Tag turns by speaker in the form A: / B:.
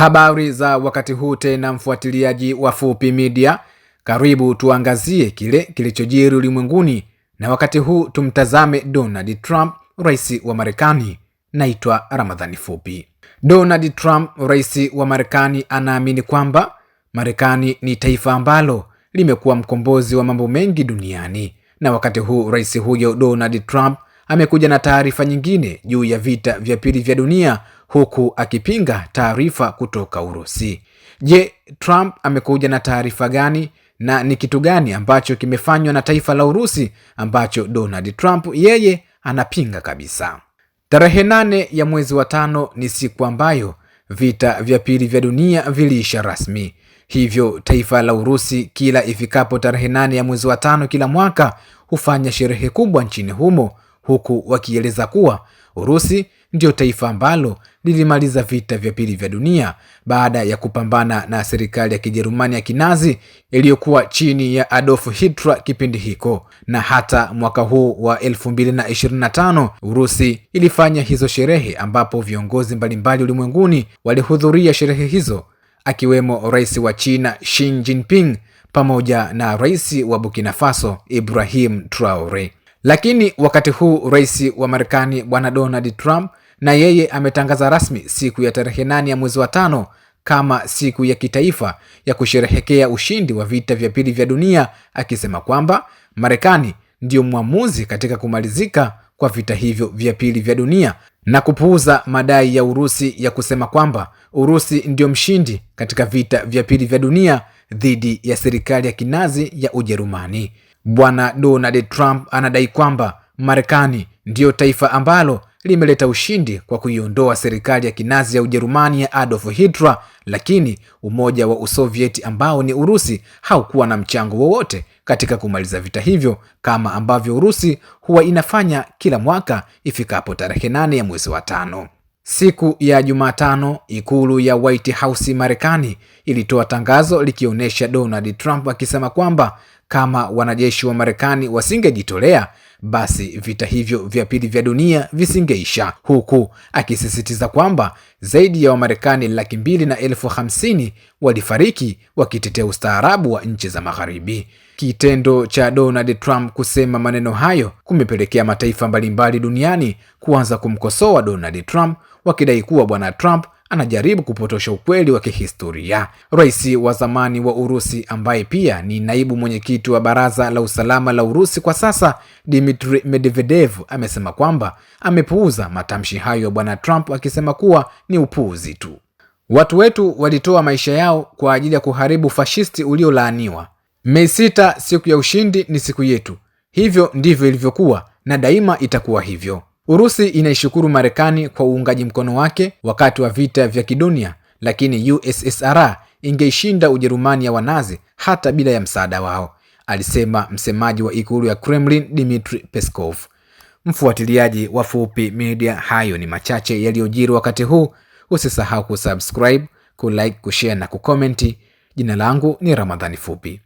A: Habari za wakati huu tena, mfuatiliaji wa Fupi Media, karibu tuangazie kile kilichojiri ulimwenguni, na wakati huu tumtazame Donald Trump, rais wa Marekani. Naitwa Ramadhani Fupi. Donald Trump, rais wa Marekani, anaamini kwamba Marekani ni taifa ambalo limekuwa mkombozi wa mambo mengi duniani, na wakati huu rais huyo Donald Trump amekuja na taarifa nyingine juu ya vita vya pili vya dunia huku akipinga taarifa kutoka Urusi. Je, Trump amekuja na taarifa gani na ni kitu gani ambacho kimefanywa na taifa la Urusi ambacho Donald Trump yeye anapinga kabisa? Tarehe nane ya mwezi wa tano ni siku ambayo vita vya pili vya dunia viliisha rasmi. Hivyo taifa la Urusi kila ifikapo tarehe nane ya mwezi wa tano kila mwaka hufanya sherehe kubwa nchini humo, huku wakieleza kuwa Urusi ndiyo taifa ambalo lilimaliza vita vya pili vya dunia baada ya kupambana na serikali ya Kijerumani ya Kinazi iliyokuwa chini ya Adolf Hitler kipindi hiko, na hata mwaka huu wa 2025 Urusi ilifanya hizo sherehe, ambapo viongozi mbalimbali ulimwenguni walihudhuria sherehe hizo akiwemo rais wa China Xi Jinping pamoja na rais wa Burkina Faso Ibrahim Traore. Lakini wakati huu rais wa Marekani bwana Donald Trump na yeye ametangaza rasmi siku ya tarehe nane ya mwezi wa tano kama siku ya kitaifa ya kusherehekea ushindi wa vita vya pili vya dunia, akisema kwamba Marekani ndiyo mwamuzi katika kumalizika kwa vita hivyo vya pili vya dunia na kupuuza madai ya Urusi ya kusema kwamba Urusi ndiyo mshindi katika vita vya pili vya dunia dhidi ya serikali ya kinazi ya Ujerumani. Bwana Donald Trump anadai kwamba Marekani ndiyo taifa ambalo limeleta ushindi kwa kuiondoa serikali ya kinazi ya Ujerumani ya Adolf Hitler, lakini umoja wa Usovieti ambao ni Urusi haukuwa na mchango wowote katika kumaliza vita hivyo, kama ambavyo Urusi huwa inafanya kila mwaka ifikapo tarehe nane ya mwezi wa tano. Siku ya Jumatano, ikulu ya White House Marekani ilitoa tangazo likionyesha Donald Trump akisema kwamba kama wanajeshi wa Marekani wasingejitolea, basi vita hivyo vya pili vya dunia visingeisha, huku akisisitiza kwamba zaidi ya Wamarekani laki mbili na elfu hamsini walifariki wakitetea ustaarabu wa nchi za Magharibi. Kitendo cha Donald Trump kusema maneno hayo kumepelekea mataifa mbalimbali duniani kuanza kumkosoa Donald Trump wakidai kuwa Bwana Trump anajaribu kupotosha ukweli wa kihistoria. Rais wa zamani wa Urusi ambaye pia ni naibu mwenyekiti wa baraza la usalama la Urusi kwa sasa, Dmitri Medvedev amesema kwamba amepuuza matamshi hayo ya bwana Trump, akisema kuwa ni upuuzi tu. Watu wetu walitoa maisha yao kwa ajili ya kuharibu fashisti uliolaaniwa. Mei sita, siku ya ushindi, ni siku yetu. Hivyo ndivyo ilivyokuwa na daima itakuwa hivyo. Urusi inaishukuru Marekani kwa uungaji mkono wake wakati wa vita vya kidunia, lakini USSR ingeishinda Ujerumani ya Wanazi hata bila ya msaada wao, alisema msemaji wa ikulu ya Kremlin Dmitry Peskov. Mfuatiliaji wa Fupi Media, hayo ni machache yaliyojiri wakati huu. Usisahau kusubscribe, kulike, kushare na kukomenti. Jina langu ni Ramadhani Fupi.